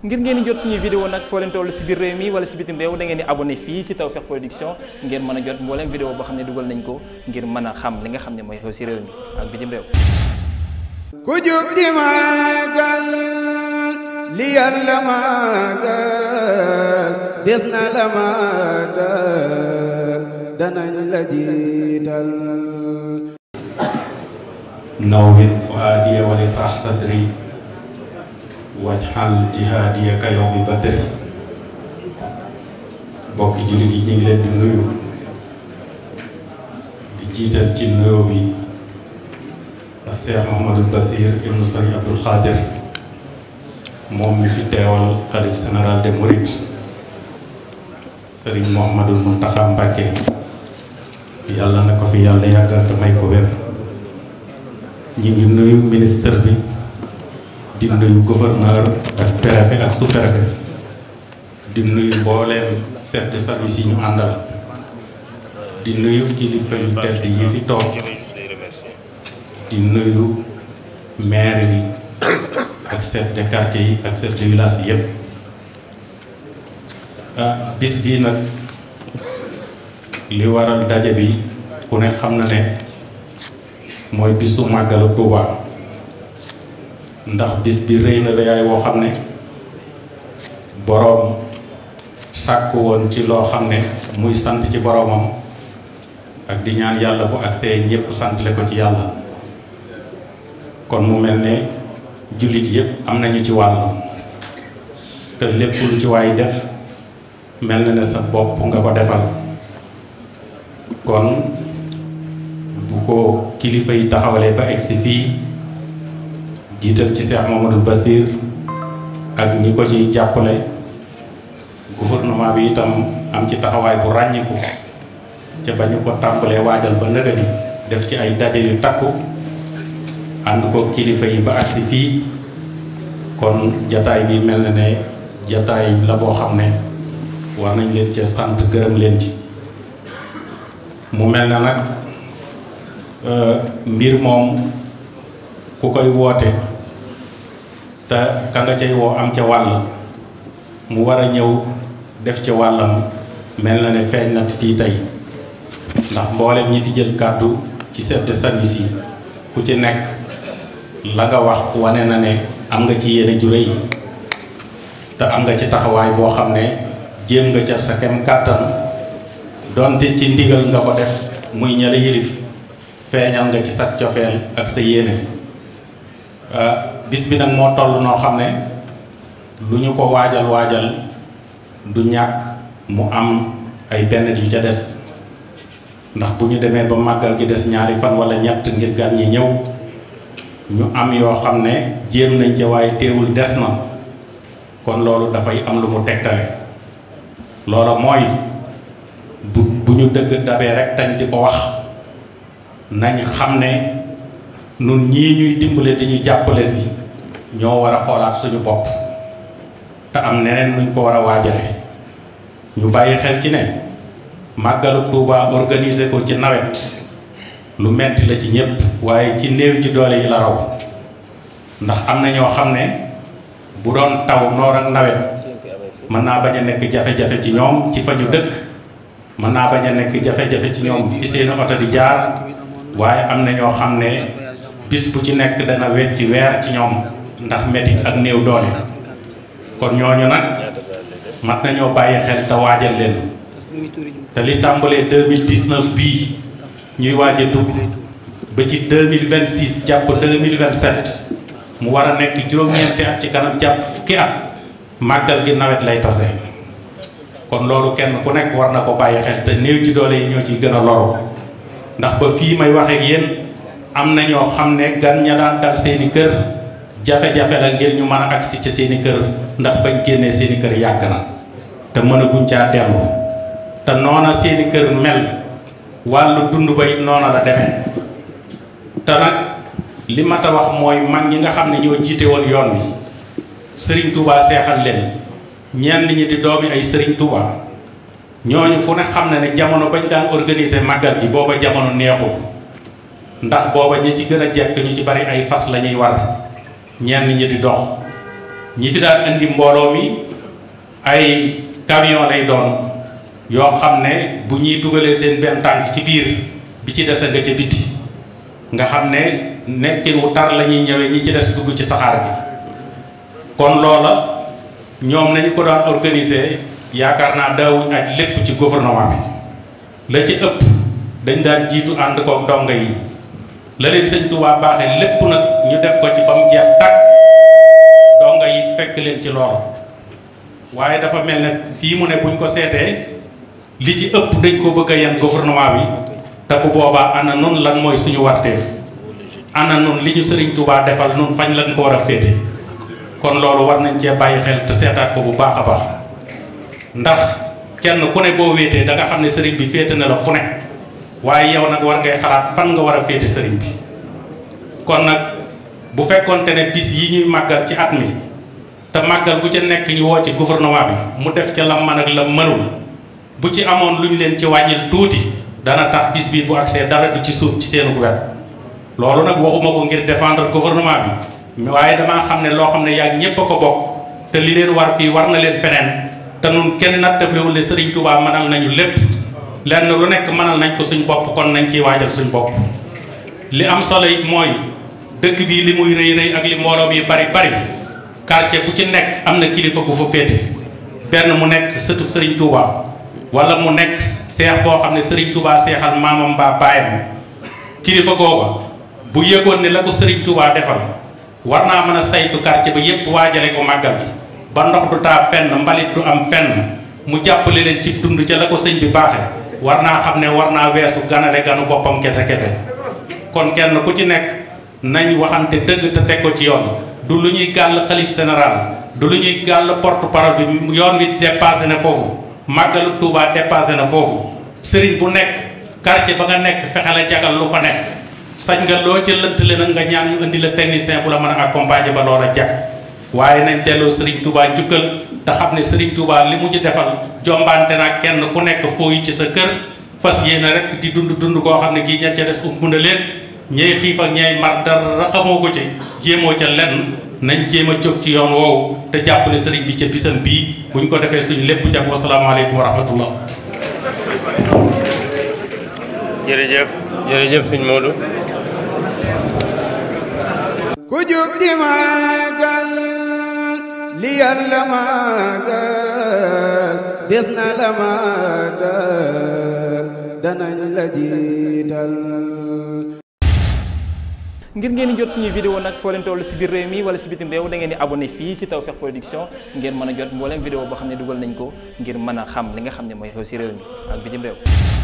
ngir ngeen di jot suñuy vidéo nag foo leen si biir réew mi wala si bitim réew da ngeen di abonné fii si Tawfekh Production ngeen mën a jot mbooleem vidéo boo xam ne dugal nañ ko ngir mën a xam li nga xam ne mooy xew si réew mi ak bitim des na la maagal danañ la jiital nawwir fuaadiya wa shrah sadri wajxal jihaadiya ka yawmi badri mbokki jullit yi ñu ngi leen di nuyu di jiital ci nuyoo bi ak Seex Muhammadul Basiir ibnu Sëriñ Abdul Xaadir moom mi fi teewal xalif général des Mourides Sëriñ Muhammadul Muntaxa Mbàkke yàlla na ko fi yàlla yàggal may ko ñu ngi nuyu ministre bi di nuyu gouverneur ak préfet ak sous-préfet di nuyu mbooleem chef de service yi ñu àndal di nuyu kilifa yu tedd yi fi toog di nuyu maire yi ak chef de quartier yi ak chef de village yi yépp ah, bis bii nag li waral daje bi ku ne xam na ne mooy bisu màggal Tuubaa ndax bis bi rëy na rëyaay woo xam ne boroom sàkk woon ci loo xam ne muy sant ci boroomam ak di ñaan yàlla bu ak see ñépp santle ko ci yàlla kon mu mel ne jullit yépp am nañu ci wàll te lépp lu ci waay def mel na ne sa bopp nga ko defal kon bu ko kilifa yi taxawalee ba egsi fii jiital ci Cheikh Mamadou Bassir ak ñi ko ci jàppale gouvernement bi itam am ci taxawaay bu ràññiku ca ba ñu ko tàmbalee waajal ba nëga ni def ci ay daje yu takku ànd ko kilifa yi ba agsi fii kon jataay bi mel na ne jataay la boo xam ne war nañ leen ca sant gërëm leen ci mu mel na nag euh, mbir moom ku koy woote te ka nga cay woo am ca wàll mu war a ñëw def ca wàllam mel na ne feeñ na fii tey ndax mboolem ñi fi jël kàddu ci chef de service yi ku ci nekk la nga wax wane na ne am nga ci yéene ju rëy te am nga ci taxawaay boo xam ne jéem nga ca sa kem kàttan donte ci ndigal nga ko def muy ñala yilif feeñal nga ci sa cofeel ak sa yéene ah, bis bi nag moo toll noo xam ne lu ñu ko waajal waajal du ñàkk mu am ay benn yu ca des ndax bu ñu demee ba màggal gi des ñaari fan wala ñett ngir gan ñi ñëw ñu am yoo xam ne jéem nañ ca waaye teewul des na kon loolu dafay am lu mu tegtale loola mooy bu bu ñu dëgg dabee rek tañ di ko wax nañ xam ne nun ñii ñuy dimbale di ñu jàppale si ñoo war a xoolaat suñu bopp te am neneen nuñ ko war a waajale ñu bàyyi xel ci ne màggalu Tuuba organiser ko ci nawet lu metti la ci ñépp waaye ci néew ji doole yi la raw ndax am na ñoo xam ne bu doon taw noor ak nawet mën naa bañ a nekk jafe-jafe ci ñoom ci fa ñu dëkk mën naa bañ a nekk jafe-jafe ci ñoom fi seen oto di jaar waaye am na ñoo xam ne bis bu ci nekk dana wecc weer ci ñoom ndax métit ak néew doole kon ñooñu nag mat nañoo bàyyi xel te waajal leen te li tàmbalee 2019 bii ñuy waaj a dugg ba ci 2026 jàpp 2027 mu war a nekk juróom-ñeenti at ci kanam jàpp fukki at màggal gi nawet lay tase kon loolu kenn ku nekk war na ko bàyyi xel te néew ci doole yi ñoo ciy gëna a ndax ba fii may wax yéen am na ñoo xam ne gan ña daan dal seeni kër jafe-jafe la ngeen ñu mën a agsi ci seeni kër ndax bañ génnee seeni kër yàgg na te mën a guñ caa dellu te noona seeni kër mel wàllu dund ba it noona la demee te nag li mat a wax mooy man ñi nga xam ne ñoo jiite woon yoon wi sëriñ Touba seexal leen ñenn ñi di doomi ay sëriñ Touba ñooñu ku ne xam ne jamono bañ daan organiser màggal gi booba jamono neexul ndax booba ñi ci gën a jekk ñu ci bari ay fas lañuy wal ñenn ñi di dox ñi fi daan indi mbooloo mi ay camion lay doon yoo xam ne bu ñuy dugalee seen benn tànk ci biir bi ci des a nga ca biti nga xam ne nekkin wu tar la ñuy ñëwee ñi ci des dugg ci saxaar bi kon loola ñoom nañu ko daan organiser yaakaar naa daawuñ ak lépp ci gouvernement la ci ëpp dañ daan jiitu ànd koog donga yi la leen sëñ Tuubaa baaxe lépp nag ñu def ko ci ba mu jeex tàkk donga yi fekk leen ci loolu waaye dafa mel ne fii mu ne buñ ko seetee li ci ëpp dañ ko bëgg a yan gouvernement bi te bu boobaa ana nun lan mooy suñu warteef ana nun li ñu sëriñ tubaa defal nun fañ lan ko war a féete kon loolu war nañ cee bàyyi xel te seetaat ko bu baax a baax ndax kenn ku ne boo wéetee da nga xam ne sëriñ bi féete na la fu ne waaye yow nag war ngay xalaat fan nga war a féete sëriñ bi kon nag bu fekkonte ne bis yi ñuy màggal ci at mi te màggal bu ca nekk ñu woo ci gouvernement bi mu def ca la man ak la mënul bu ci amoon lu ñu leen ci wàññil tuuti dana tax bis bi bu agsee dara bi ci suuf ci seenu wet loolu nag waxuma ko ngir défendre gouvernement bi waaye damaa xam ne loo xam ne yàgg ñépp a ko bokk te li leen war fii war na leen feneen te nun kenn nattablewul ne Sëriñ Tuubaa mënal nañu lépp lenn lu nekk mënal nañ ko suñ bopp kon nañ ciy waajal suñ bopp li am solo mooy dëkk bi li muy rëy rëy ak li mbooloo bi bari bari quartier bu ci nekk am na kilifa gu fa féete benn mu nekk sëtu Serigne Touba walla mu nekk seex boo xam ne sëriñ Touba seexal maamam mbaa baayam kilifa googa bu yëgoon ne la ko Serigne Touba defal war naa mën a saytu quartier ba yépp waajale ko màggal bi ba ndox du taa fenn mbalit du am fenn mu jàppale leen ci dund ca la ko sëñ bi baaxe war naa xam ne war naa weesu ganale ganu boppam kese kese kon kenn ku ci nekk nañ waxante dëgg te teg ko ci yoon du lu ñuy gàll xalif général du lu ñuy gàll porte parole bi yoon wi dépassé na foofu màggalu Touba dépassé na foofu sëriñ bu nekk quartier ba nga nekk fexe la jagal lu fa nekk sañ nga loo ca lëntale nag nga ñaan ñu indi la technicien bu la mën a accompagner ba loola jag waaye nañ delloo Serigne Touba njukkal te xam ne sëriñ Touba li mu ci defal jombante nag kenn ku nekk foo yi ci sa kër fas yéene rek di dund dund koo xam ne gii ña ca des um bunda leen ñey xiif ak ñey mar dara xamoo ko ci jéemoo ca lenn nañ jéem a jóg ci yoon woowu te jàpp ne sëriñ bi ca bisam bii buñ ko defee suñ lépp jàpp wasalaamaaleykum wa rahmatullah jërëjëf jërëjëf sëñ Modou ku jug di maagal li Yàlla maagal des na ngir ngeen jot suñuy vidéo nag foo leen toll si biir réew mi wala si bitim réew dangeen di abonné fii si Tawfekh Production ngeen mën a jot mbooleem vidéo boo xam ne dugal nañ ko ngir mën a xam li nga xam ne mooy xew si réew mi ak bitim réew